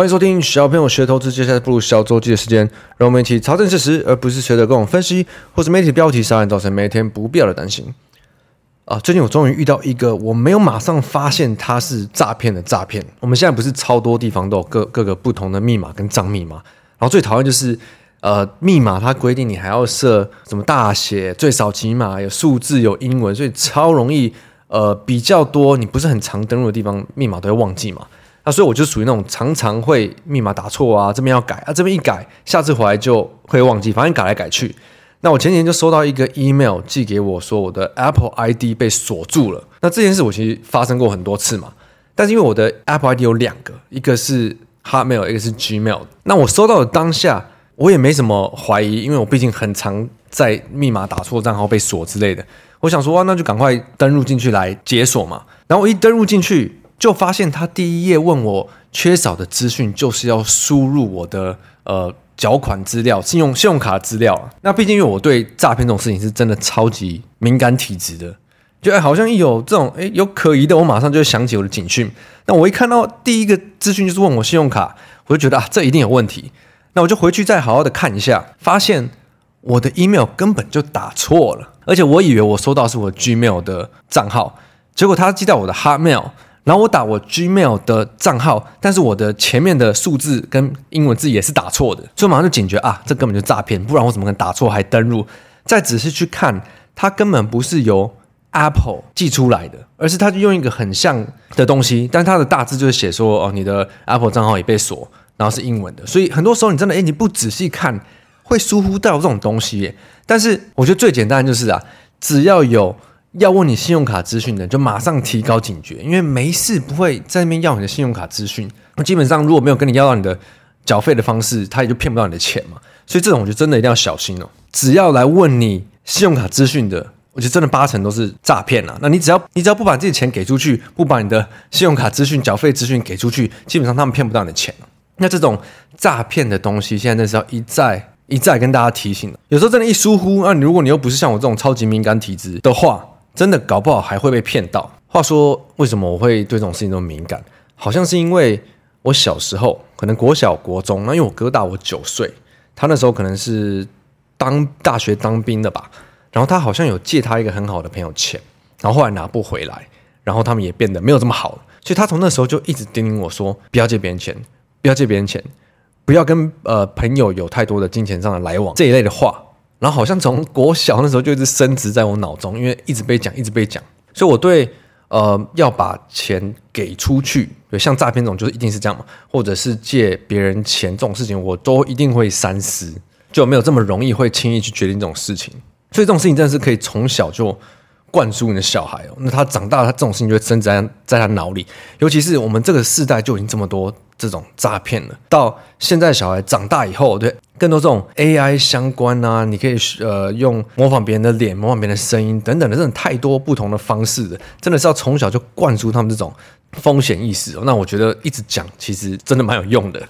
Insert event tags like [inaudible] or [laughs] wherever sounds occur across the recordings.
歡迎收聽《小朋友學投資》接下來步入小周記的時間，讓我們一起查證事實，而不是學着各種分析或是媒體標題殺人，造成每天不必要的擔心。啊、呃，最近我終於遇到一個我沒有馬上發現它是詐騙的詐騙。我們現在不是超多地方都有各各個不同的密碼跟賬密碼，然後最討厭就是呃密碼它規定你還要設什麼大寫最少起碼有數字有英文，所以超容易呃比較多你不是很常登錄的地方密碼都要忘記嘛。啊，所以我就屬於那種常常會密碼打錯啊，這邊要改啊，這邊一改，下次回來就會忘記，反正改來改去。那我前幾天就收到一個 email 寄給我說我的 Apple ID 被鎖住了。那這件事我其實發生過很多次嘛，但是因為我的 Apple ID 有兩個，一個是 Hotmail，一個是 Gmail。那我收到的當下我也沒什麼懷疑，因為我畢竟很常在密碼打錯、賬號被鎖之類的。我想說哇，那就趕快登入進去來解鎖嘛。然後我一登入進去。就發現他第一頁問我缺少的資訊，就是要輸入我的呃繳款資料、信用信用卡資料。那畢竟因為我對詐騙這種事情是真的超級敏感體質的，就哎好像有這種哎有可疑的，我馬上就會想起我的警訊。那我一看到第一個資訊就是問我信用卡，我就覺得啊，這一定有問題。那我就回去再好好的看一下，發現我的 email 根本就打錯了，而且我以為我收到是我的 Gmail 的賬號，結果他寄到我的 Hotmail。然後我打我 Gmail 的賬號但是我的前面的數字跟英文字也是打錯的，所以馬上就警覺啊，這根本就詐騙，不然我怎麼可能打錯還登入？再仔細去看，它根本不是由 Apple 寄出來的，而是它就用一個很像的東西，但它的大字就是寫說哦，你的 Apple 賬號也被鎖，然後是英文的，所以很多時候你真的哎你不仔細看會疏忽到這種東西耶。但是我覺得最簡單的就是啊，只要有。要問你信用卡資訊的，就馬上提高警覺，因為沒事不會在那邊要你的信用卡資訊。基本上如果沒有跟你要到你的繳費的方式，他也就騙不到你的錢嘛。所以這種我覺得真的一定要小心哦。只要來問你信用卡資訊的，我覺得真的八成都是詐騙了。那你只要、你只要不把自己的錢給出去，不把你的信用卡資訊、繳費資訊給出去，基本上他們騙不到你的錢。那這種詐騙的東西，現在真的是要一再、一再跟大家提醒了。有時候真的，一疏忽，那你如果你又不是像我這種超級敏感體質的話，真的搞不好還會被騙到。話說，為什麼我會對這種事情這麼敏感？好像是因為我小時候，可能國小、國中，那因為我哥大我九歲，他那時候可能是當大學當兵的吧。然後他好像有借他一個很好的朋友錢，然後後來拿不回來，然後他們也變得沒有這麼好。所以他從那時候就一直叮嚀我說：不要借別人錢，不要借別人錢，不要跟呃朋友有太多的金錢上的來往，這一類的話。然後好像從國小那時候就一直深植在我腦中，因為一直被講，一直被講，所以我對呃要把錢給出去，對像詐騙這種就是一定是這樣嘛，或者是借別人錢這種事情，我都一定會三思，就沒有這麼容易會輕易去決定這種事情。所以這種事情真的是可以從小就灌輸你的小孩哦，那他長大他這種事情就會深植在在他腦裡，尤其是我們這個世代就已經這麼多這種詐騙了，到現在的小孩長大以後，對。更多這種 AI 相關啊，你可以呃用模仿別人的臉、模仿別人的聲音等等的這種太多不同的方式，真的是要從小就灌輸他們這種風險意識哦。那我覺得一直講其實真的蠻有用的。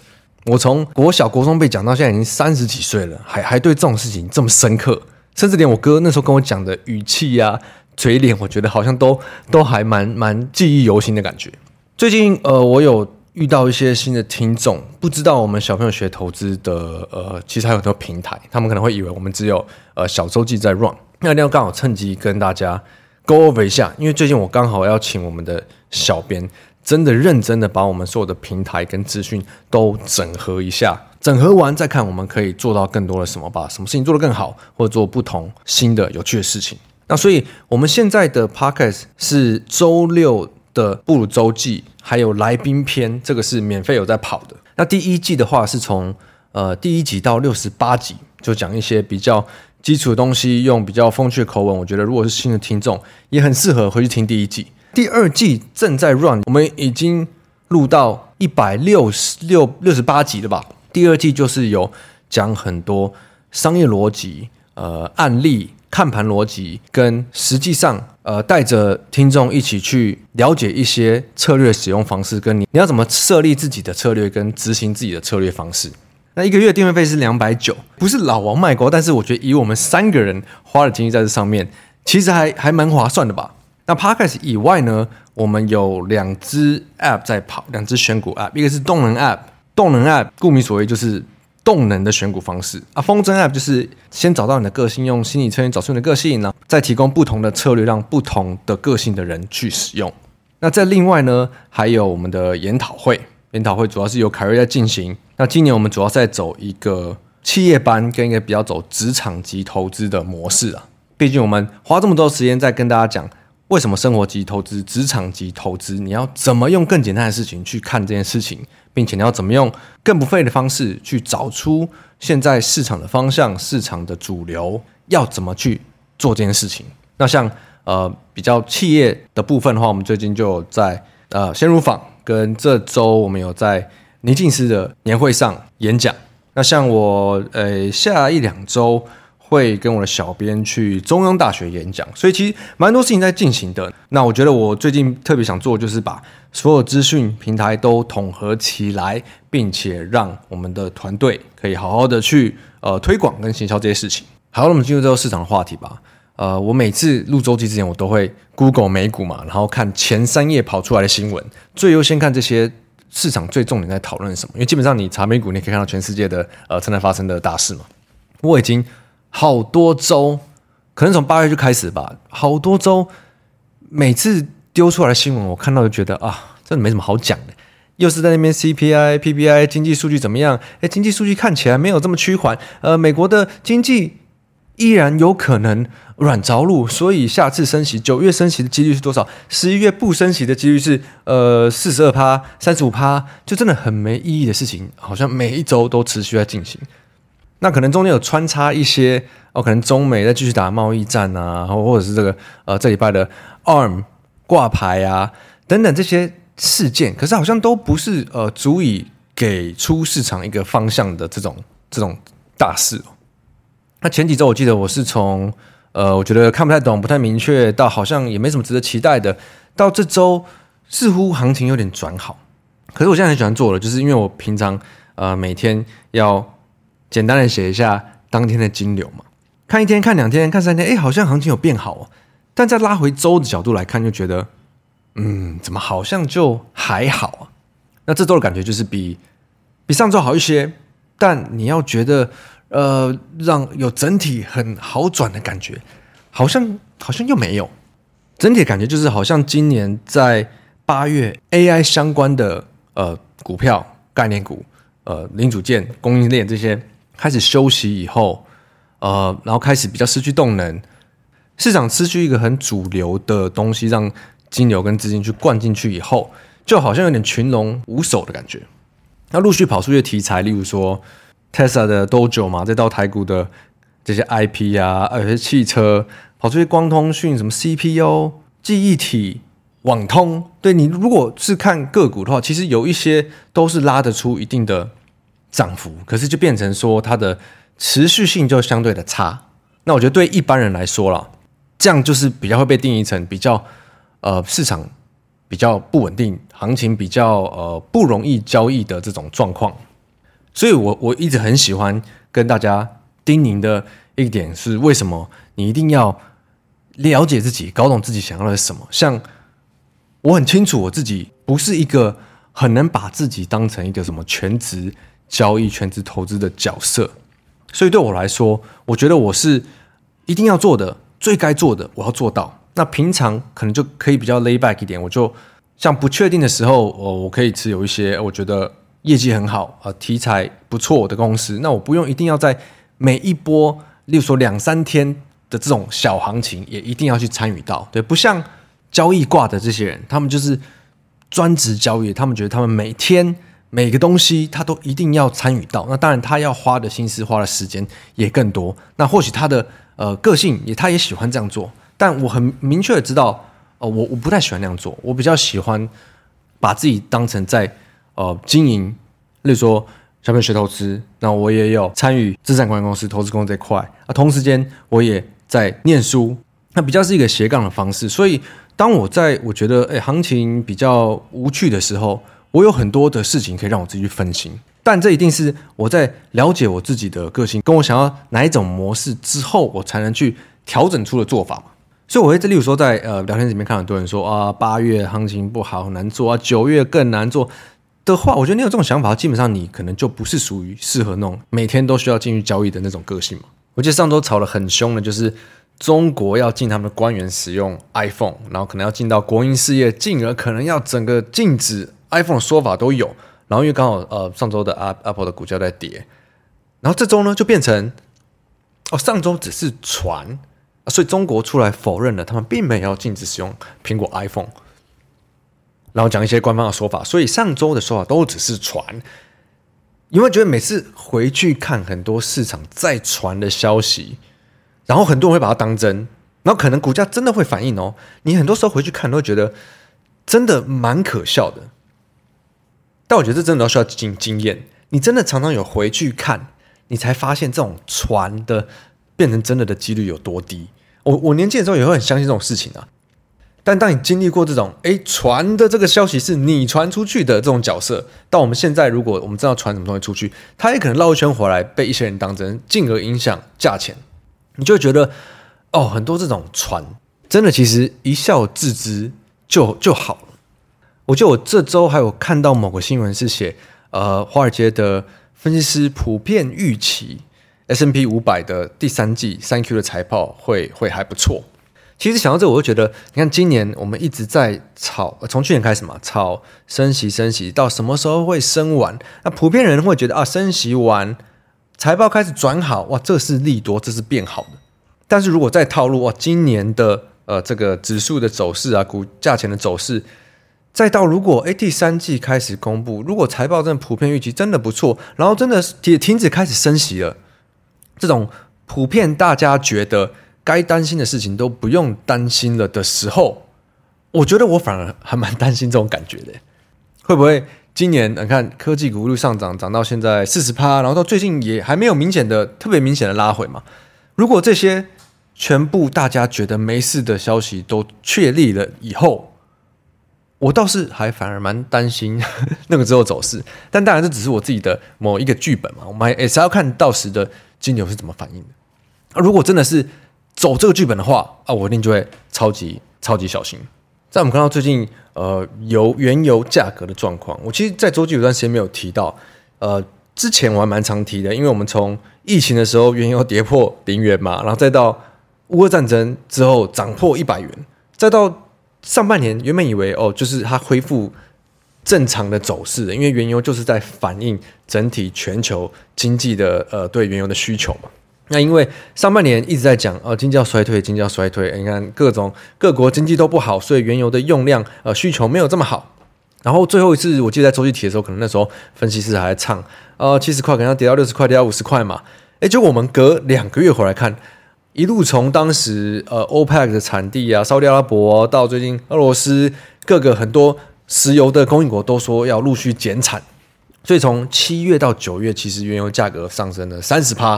我從國小國中被講到現在已經三十幾歲了，還還對這種事情這麼深刻，甚至連我哥那時候跟我講的語氣呀、啊、嘴臉，我覺得好像都都還蠻蠻記憶猶新的感覺。最近呃，我有。遇到一些新的聽眾，不知道我們小朋友學投資的，呃，其實還有很多平台，他們可能會以為我們只有呃小周記在 run，那一定要剛好趁機跟大家 go over 一下，因為最近我剛好要請我們的小編真的認真的把我們所有的平台跟資訊都整合一下，整合完再看我們可以做到更多的什麼吧，什麼事情做得更好，或者做不同新的有趣的事情。那所以我們現在的 podcast 是週六的不魯周記。還有來賓篇，這個是免費有在跑的。那第一季的話是從呃第一集到六十八集，就講一些比較基礎的東西，用比較風趣的口吻。我覺得如果是新的聽眾，也很適合回去聽第一季。第二季正在 run，我們已經錄到一百六十六、六十八集了吧？第二季就是有講很多商業邏輯、呃案例、看盤邏輯跟實際上。呃，帶着聽眾一起去了解一些策略使用方式，跟你你要怎麼設立自己的策略，跟執行自己的策略方式。那一個月訂閱費是兩百九，不是老王賣瓜，但是我覺得以我們三個人花的精力在這上面，其實還還蠻划算的吧。那 Podcast 以外呢，我們有兩隻 App 在跑，兩隻選股 App，一個是動能 App，動能 App 顧名所謂就是。動能的選股方式啊，風箏 App 就是先找到你的個性，用心理測驗找出你的個性啊，呢再提供不同的策略，讓不同的個性的人去使用。那在另外呢，還有我們的研討會，研討會主要是由凱瑞在進行。那今年我們主要在走一個企業班跟一個比較走職場級投資的模式啊，畢竟我們花這麼多時間在跟大家講。為什麼生活及投資、職場及投資？你要怎麼用更簡單的事情去看這件事情，並且你要怎麼用更不費的方式去找出現在市場的方向、市場的主流？要怎麼去做這件事情？那像呃比較企業的部分的話，我們最近就有在呃鮮乳坊跟這週我們有在倪靜師的年會上演講。那像我呃下一兩週。會跟我的小編去中央大學演講，所以其實蠻多事情在進行的。那我覺得我最近特別想做的，就是把所有資訊平台都統合起來，並且讓我們的團隊可以好好的去呃推廣跟行銷這些事情。好，那我們進入這個市場的話題吧。呃，我每次錄週記之前，我都會 Google 美股嘛，然後看前三頁跑出來的新聞，最優先看這些市場最重點在討論什麼，因為基本上你查美股，你可以看到全世界的呃正在發生的大事嘛。我已經。好多週，可能從八月就開始吧。好多週，每次丟出來的新聞，我看到就覺得啊，真的沒什麼好講的。又是在那邊 CPI、PPI 經濟數據怎麼樣？哎，經濟數據看起來沒有這麼趨緩。呃，美國的經濟依然有可能軟着陸，所以下次升息，九月升息的幾率是多少？十一月不升息的幾率是呃四十二趴、三十五趴，就真的很沒意義的事情，好像每一週都持續在進行。那可能中間有穿插一些哦，可能中美再繼續打貿易戰啊，或者是這個呃，這禮拜的 ARM 掛牌啊等等這些事件，可是好像都不是呃足以給出市場一個方向的這種這種大事哦。那前幾周我記得我是從呃，我覺得看不太懂、不太明確，到好像也沒什麼值得期待的，到這周似乎行情有點轉好。可是我現在很喜歡做的，就是因為我平常呃每天要。簡單的寫一下當天的金流嘛，看一天，看兩天，看三天，哎、欸，好像行情有變好哦、啊。但再拉回週的角度來看，就覺得，嗯，怎麼好像就還好啊？那這週的感覺就是比比上週好一些，但你要覺得，呃，讓有整體很好轉的感覺，好像好像又沒有。整體的感覺就是好像今年在八月 AI 相關的呃股票概念股呃，零組件供應鏈這些。開始休息以後，呃，然後開始比較失去動能，市場失去一個很主流的東西，讓金流跟資金去灌進去以後，就好像有點群龍無首的感覺。那陸續跑出一些題材，例如說 Tesla 的 Dojo 嘛，再到台股的這些 IP 啊，還有些汽車跑出去光通訊，什麼 CPU、記憶體、網通。對你如果是看個股的話，其實有一些都是拉得出一定的。漲幅，可是就變成說它的持續性就相對的差。那我覺得對一般人來說啦，這樣就是比較會被定義成比較呃市場比較不穩定，行情比較呃不容易交易的這種狀況。所以我，我我一直很喜歡跟大家叮嚀的一點是：為什麼你一定要了解自己，搞懂自己想要的是什麼？像我很清楚我自己不是一個很能把自己當成一個什麼全職。交易全職投資的角色，所以對我來說，我覺得我是一定要做的，最該做的，我要做到。那平常可能就可以比較 lay back 一點，我就像不確定的時候，呃，我可以持有一些我覺得業績很好啊、題材不錯的公司。那我不用一定要在每一波，例如說兩三天的這種小行情，也一定要去參與到。對，不像交易掛的這些人，他們就是專職交易，他們覺得他們每天。每個東西他都一定要參與到，那當然他要花的心思、花的時間也更多。那或許他的呃個性也，他也喜歡這樣做，但我很明確的知道，呃、我我不太喜歡那樣做，我比較喜歡把自己當成在呃經營，例如說小朋友學投資，那我也有參與資產管理公司、投資公司這一塊，那、啊、同時間我也在念書，那比較是一個斜槓的方式。所以當我在我覺得、欸、行情比較無趣的時候，我有很多的事情可以讓我自己去分心，但這一定是我在了解我自己的個性，跟我想要哪一種模式之後，我才能去調整出的做法。所以，我會這，例如說在，在呃聊天裡面看很多人說啊，八月行情不好難做啊，九月更難做的話，我覺得你有這種想法，基本上你可能就不是屬於適合那種每天都需要進去交易的那種個性。我記得上周吵得很凶的，就是中國要禁他們的官員使用 iPhone，然後可能要禁到國營事業，進而可能要整個禁止。iPhone 的說法都有，然後因為剛好呃上周的阿 Apple 的股價在跌，然後這周呢就變成哦上周只是傳，所以中國出來否認了，他們並沒有禁止使用蘋果 iPhone，然後講一些官方的說法，所以上周的說法都只是傳，因為覺得每次回去看很多市場在傳的消息，然後很多人會把它當真，然後可能股價真的會反應哦，你很多時候回去看都會覺得真的蠻可笑的。但我覺得這真的都需要經經驗。你真的常常有回去看，你才發現這種傳的變成真的的幾率有多低。我我年輕的時候也會很相信這種事情啊。但當你經歷過這種，哎、欸，傳的這個消息是你傳出去的這種角色，到我們現在如果我們知道傳什麼東西出去，它也可能繞一圈回來被一些人當真，進而影響價錢，你就會覺得哦，很多這種傳真的其實一笑置之就就好了。我覺得我這周還有看到某個新聞是寫，呃，華爾街的分析師普遍預期 S&P 五百的第三季三 Q 的財報會會還不錯。其實想到這，我就覺得，你看今年我們一直在炒，呃、從去年開始嘛，炒升息，升息到什麼時候會升完？那普遍人會覺得啊，升息完，財報開始轉好，哇，這是利多，這是變好的。但是如果再套路哇，今年的呃這個指數的走勢啊，股價錢的走勢。再到如果欸第三季開始公布，如果財報真的普遍預期真的不錯，然後真的也停止開始升息了，這種普遍大家覺得該擔心的事情都不用擔心了的時候，我覺得我反而還蠻擔心這種感覺的，會不會今年你看科技股一路上漲漲到現在四十趴，然後到最近也還沒有明顯的特別明顯的拉回嘛？如果這些全部大家覺得沒事的消息都確立了以後。我倒是還反而蠻擔心 [laughs] 那個之後走勢，但當然這只是我自己的某一個劇本嘛，我們還是要看到時的金牛是怎麼反應的。啊，如果真的是走這個劇本的話，啊，我一定就會超級超級小心。在我們看到最近呃油原油價格的狀況，我其實，在週記有段時間沒有提到，呃，之前我還蠻常提的，因為我們從疫情的時候原油跌破零元嘛，然後再到烏俄戰爭之後漲破一百元，再到。上半年原本以為哦，就是它恢復正常的走勢，因為原油就是在反映整體全球經濟的呃對原油的需求嘛。那因為上半年一直在講哦、呃，經濟要衰退，經濟要衰退，你看各種各國經濟都不好，所以原油的用量呃需求沒有這麼好。然後最後一次我記得在周期提的時候，可能那時候分析師還在唱啊七十塊可能要跌到六十塊，跌到五十塊嘛。哎，結果我們隔兩個月回來看。一路從當時呃 OPEC 的產地啊，沙特阿拉伯啊，到最近俄羅斯各個很多石油的供應國都說要陸續減產，所以從七月到九月，其實原油價格上升了三十趴。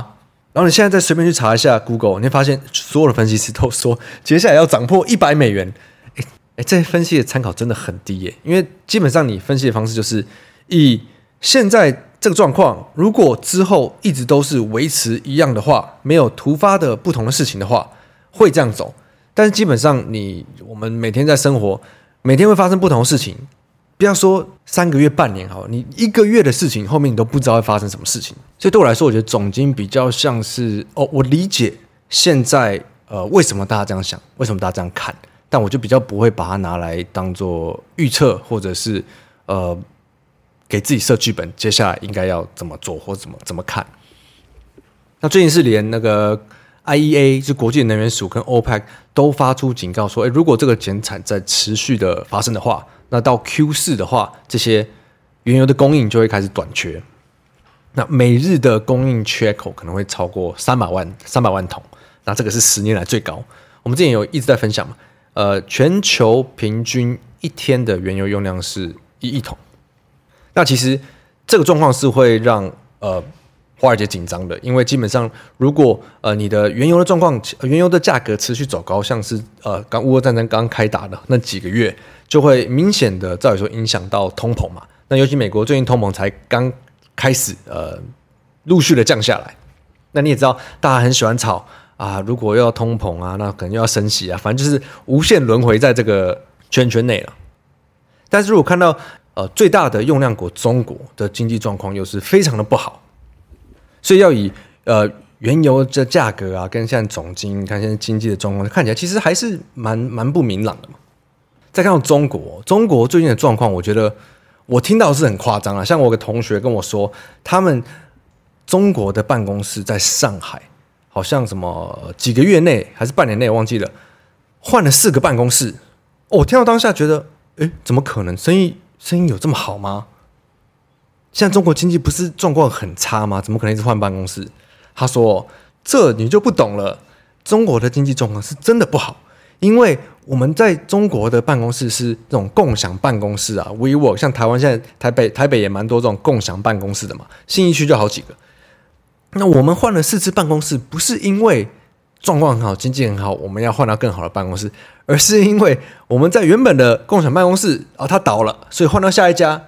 然後你現在再隨便去查一下 Google，你會發現所有的分析師都說接下來要漲破一百美元。哎，哎，這些分析的參考真的很低耶、欸，因為基本上你分析的方式就是以現在。這個狀況，如果之後一直都是維持一樣的話，沒有突發的不同的事情的話，會這樣走。但是基本上你，你我們每天在生活，每天會發生不同的事情。不要說三個月，半年好，你一個月的事情，後面你都不知道會發生什麼事情。所以對我來說，我覺得總經比較像是哦，我理解現在呃為什麼大家這樣想，為什麼大家這樣看，但我就比較不會把它拿來當做預測，或者是呃。給自己設劇本，接下來應該要怎麼做，或怎麼怎麼看？那最近是連那個 IEA 是國際能源署跟 OPEC 都發出警告說，誒、欸，如果這個減產在持續的發生的話，那到 Q 四的話，這些原油的供應就會開始短缺。那每日的供應缺口可能會超過三百萬三百萬桶，那這個是十年來最高。我們之前有一直在分享嘛，呃，全球平均一天的原油用量是一億桶。那其實這個狀況是會讓呃華爾街緊張的，因為基本上如果呃你的原油的狀況，原油的價格持續走高，像是呃剛烏俄戰爭剛剛開打的那幾個月，就會明顯的，照理說影響到通膨嘛。那尤其美國最近通膨才剛開始，呃，陸續的降下來。那你也知道，大家很喜歡炒啊，如果要通膨啊，那可能又要升息啊，反正就是無限輪回在這個圈圈內了。但是如果看到。呃，最大的用量國中國的經濟狀況又是非常的不好，所以要以呃原油的價格啊，跟現在總經，你看現在經濟的狀況，看起來其實還是蠻蠻不明朗的嘛。再看到中國，中國最近的狀況，我覺得我聽到是很誇張啊。像我有個同學跟我說，他們中國的辦公室在上海，好像什麼幾個月內還是半年內我忘記了，換了四個辦公室，哦。我聽到當下覺得，哎，怎麼可能生意聲音有這麼好嗎？現在中國經濟不是狀況很差嗎？怎麼可能一直換辦公室？他說：“這你就不懂了，中國的經濟狀況是真的不好，因為我們在中國的辦公室是那種共享辦公室啊，WeWork，像台灣現在台北台北也蠻多這種共享辦公室的嘛，信義區就好幾個。那我們換了四次辦公室，不是因為……”狀況很好，經濟很好，我們要換到更好的辦公室，而是因為我們在原本的共享辦公室哦、啊，它倒了，所以換到下一家，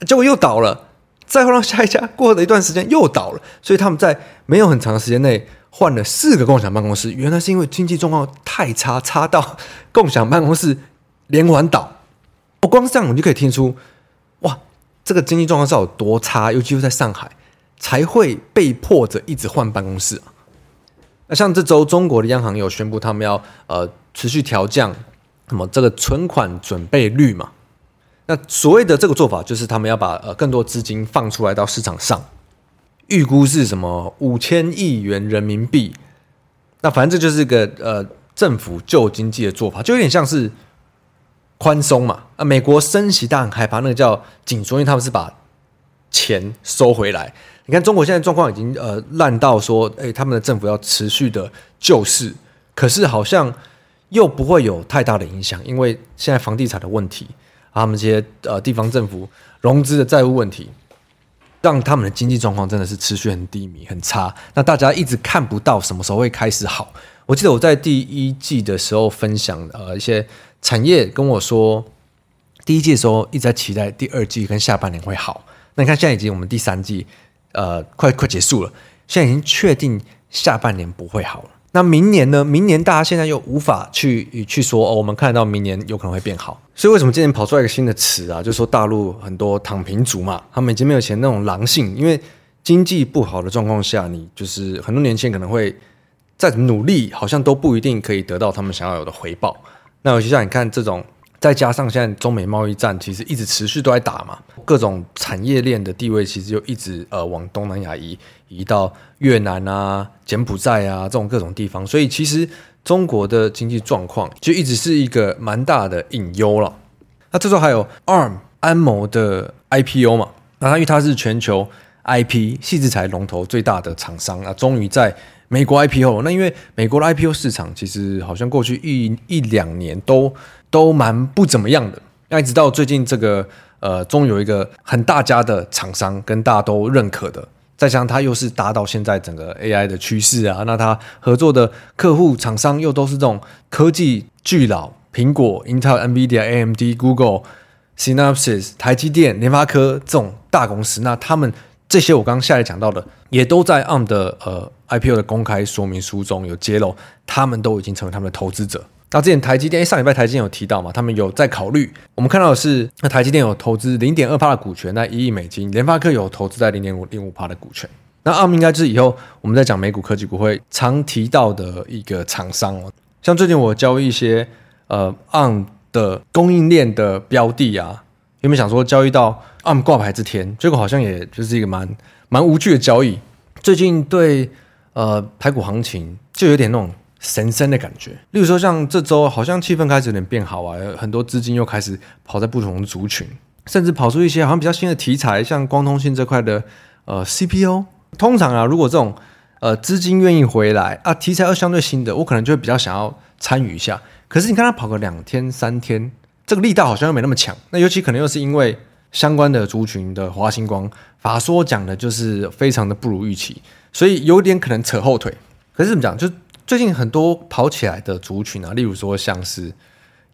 結果又倒了，再換到下一家，過了一段時間又倒了，所以他們在沒有很長的時間內換了四個共享辦公室，原來是因為經濟狀況太差，差到共享辦公室連環倒。不光是這樣，我們就可以聽出，哇，這個經濟狀況是有多差，尤其是在上海，才會被迫着一直換辦公室。那像這周，中國的央行有宣布他們要呃持續調降，什麼這個存款準備率嘛。那所謂的這個做法，就是他們要把呃更多資金放出來到市場上，預估是什麼五千億元人民幣。那反正這就是個呃政府救經濟的做法，就有點像是寬鬆嘛。啊、呃，美國升息，大很害怕那個叫緊縮，因為他們是把錢收回來。你看中國現在狀況已經呃爛到說，誒、欸，他們的政府要持續的救市，可是好像又不會有太大的影響，因為現在房地產的問題，啊、他們這些呃地方政府融資的債務問題，讓他們的經濟狀況真的是持續很低迷很差。那大家一直看不到什麼時候會開始好。我記得我在第一季的時候分享呃一些產業跟我說，第一季的時候一直在期待第二季跟下半年會好。那你看現在已經我們第三季，呃，快快結束了，現在已經確定下半年不會好了。那明年呢？明年大家現在又無法去去說，哦，我們看到明年有可能會變好。所以為什麼今年跑出來一個新的詞啊？就是說大陸很多躺平族嘛，他們已經沒有前那種狼性，因為經濟不好的狀況下，你就是很多年輕人可能會在努力，好像都不一定可以得到他們想要有的回報。那尤其像你看這種。再加上現在中美貿易戰其實一直持續都在打嘛，各種產業鏈的地位其實就一直呃往東南亞移移到越南啊、柬埔寨啊這種各種地方，所以其實中國的經濟狀況就一直是一個蠻大的隱憂了。那這時候還有 ARM 安謀的 IPO 嘛，那它因為它是全球 IP 矽智財龍頭最大的廠商啊，終於在美國 IPO，那因為美國的 IPO 市場其實好像過去一一兩年都都蠻不怎麼樣的，那一直到最近這個呃，終於有一個很大家的廠商跟大家都認可的，再加上它又是達到現在整個 AI 的趨勢啊，那它合作的客戶廠商又都是這種科技巨佬，蘋果、Intel、NVIDIA、AMD、Google、Synopsys、台積電、聯發科這種大公司，那他們。這些我剛剛下來講到的，也都在 ARM 的呃 IPO 的公開說明書中有揭露，他們都已經成為他們的投資者。那之前台積電、欸、上禮拜台積電有提到嘛，他們有在考慮。我們看到的是，那台積電有投資零點二趴的股權，那一億美金；聯發科有投資在零點五零五趴的股權。那 ARM 應該就是以後我們在講美股科技股會常提到的一個廠商哦。像最近我教一些呃 ARM 的供應鏈的標的啊。有沒有想說交易到 ARM 掛牌之前，結果好像也就是一個蠻蠻無趣的交易。最近對呃，台股行情就有點那種神聖的感覺。例如說，像這週好像氣氛開始有點變好啊，很多資金又開始跑在不同族群，甚至跑出一些好像比較新的題材，像光通信這塊的呃 CPO。通常啊，如果這種呃資金願意回來啊，題材又相對新的，我可能就會比較想要參與一下。可是你看他跑個兩天三天。這個力道好像又沒那麼強，那尤其可能又是因為相關的族群的華星光法說講的就是非常的不如預期，所以有點可能扯後腿。可是怎麼講？就最近很多跑起來的族群啊，例如說像是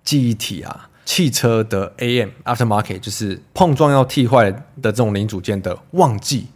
記憶體啊、汽車的 AM aftermarket 就是碰撞要替換的這種零組件的旺季，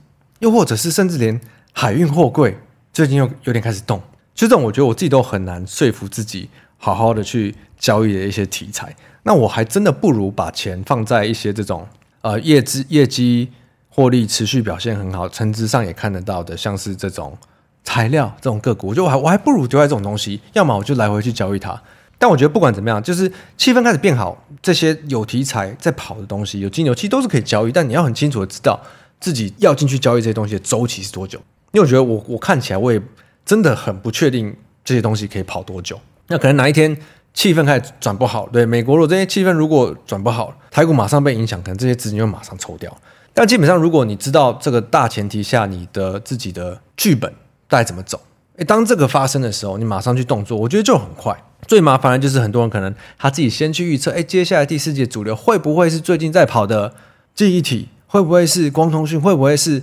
又或者是甚至連海運貨櫃最近又有點開始動，就這種我覺得我自己都很難說服自己。好好的去交易的一些題材，那我還真的不如把錢放在一些這種呃業績業績獲利持續表現很好，估值上也看得到的，像是這種材料這種個股，我覺得我還我還不如丟在這種東西，要麼我就來回去交易它。但我覺得不管怎麼樣，就是氣氛開始變好，這些有題材在跑的東西，有金牛其實都是可以交易，但你要很清楚的知道自己要進去交易這些東西的周期是多久。因為我覺得我我看起來我也真的很不確定這些東西可以跑多久。那可能哪一天氣氛開始轉不好，對美國如果這些氣氛如果轉不好，台股馬上被影響，可能這些資金就馬上抽掉。但基本上如果你知道這個大前提下，你的自己的劇本該怎麼走，哎、欸，當這個發生的時候，你馬上去動作，我覺得就很快。最麻煩的就是很多人可能他自己先去預測，哎、欸，接下來第四季主流會不會是最近在跑的記憶體，會不會是光通訊，會不會是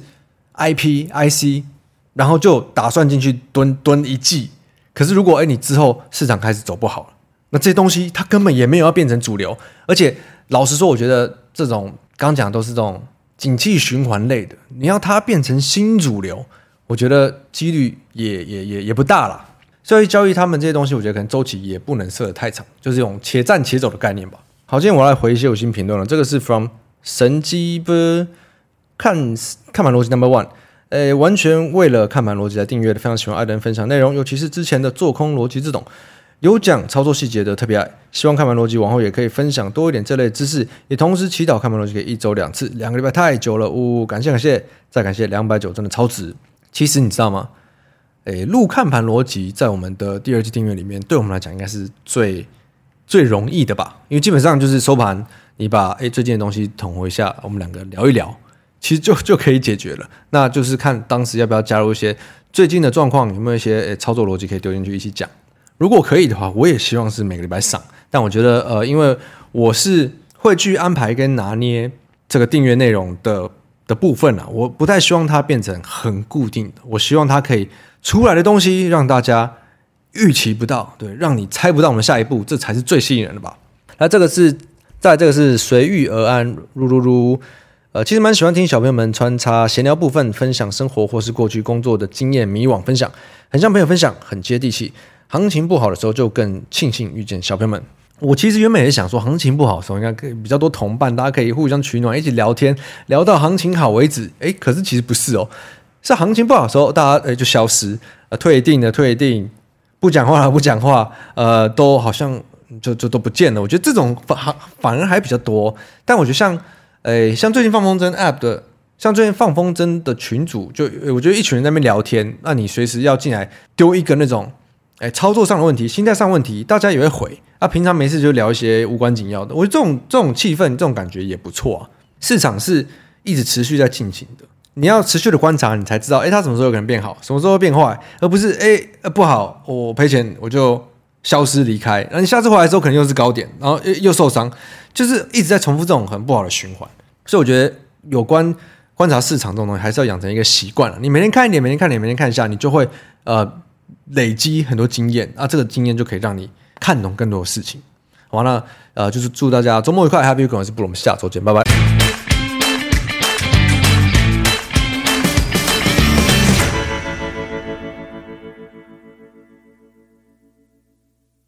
IP、IC，然後就打算進去蹲蹲一季。可是，如果誒，你之後市場開始走不好了，那這些東西它根本也沒有要變成主流。而且，老實說，我覺得這種剛講的都是這種景氣循環類的，你要它變成新主流，我覺得幾率也也也也不大啦。所以，交易他們這些東西，我覺得可能周期也不能設得太長，就是這種且戰且走的概念吧。好，今天我來回一些有新評論了，這個是 from 神機不看看完邏輯 number one。誒，完全為了看盤邏輯來訂閱的，非常喜歡艾倫分享內容，尤其是之前的做空邏輯，這種有講操作細節的特別愛。希望看盤邏輯往後也可以分享多一點這類知識，也同時祈禱看盤邏輯可以一週兩次，兩個禮拜太久了嗚、哦。感謝感謝，再感謝兩百九真的超值。其實你知道嗎？誒，錄看盤邏輯在我們的第二季訂閱裡面，對我們來講應該是最最容易的吧？因為基本上就是收盤，你把誒最近的東西統合一下，我們兩個聊一聊。其實就就可以解決了，那就是看當時要不要加入一些最近的狀況，有沒有一些、欸、操作邏輯可以丟進去一起講。如果可以的話，我也希望是每個禮拜上。但我覺得，呃，因為我是會去安排跟拿捏這個訂閱內容的的部分了、啊，我不太希望它變成很固定的。我希望它可以出來的東西讓大家預期不到，對，讓你猜不到我們下一步，這才是最吸引人的吧。那這個是在這個是隨遇而安，嚕嚕嚕。呃，其實蠻喜歡聽小朋友們穿插閒聊部分，分享生活或是過去工作的經驗、迷惘分享，很像朋友分享，很接地氣。行情不好的時候，就更慶幸遇見小朋友們。我其實原本也想說，行情不好的時候，應該可以比較多同伴，大家可以互相取暖，一起聊天，聊到行情好為止。哎，可是其實不是哦，是行情不好的時候，大家誒就消失、呃，退訂的退訂，不講話的不講話，呃，都好像就就都不見了。我覺得這種反反而還比較多，但我覺得像。誒，像最近放風箏 APP 的，像最近放風箏的群主，就我覺得一群人在那邊聊天，那你隨時要進來丟一個那種，誒，操作上的問題、心態上問題，大家也會回。啊，平常沒事就聊一些無關緊要的，我覺得這種這種氣氛、這種感覺也不錯啊。市場是一直持續在進行的，你要持續的觀察，你才知道誒，它什麼時候可能變好，什麼時候會變壞，而不是誒、呃，不好，我賠錢我就消失離開，那你下次回來的時候肯定又是高點，然後又又受傷，就是一直在重複這種很不好的循環。所以我覺得有關觀察市場這種東西，還是要養成一個習慣，你每天看一點，每天看一點，每天看一下，你就會呃累積很多經驗啊。這個經驗就可以讓你看懂更多的事情。好吧，那呃，就是祝大家週末愉快 [music] ，Happy Weekend，是不？我們下週見，拜拜。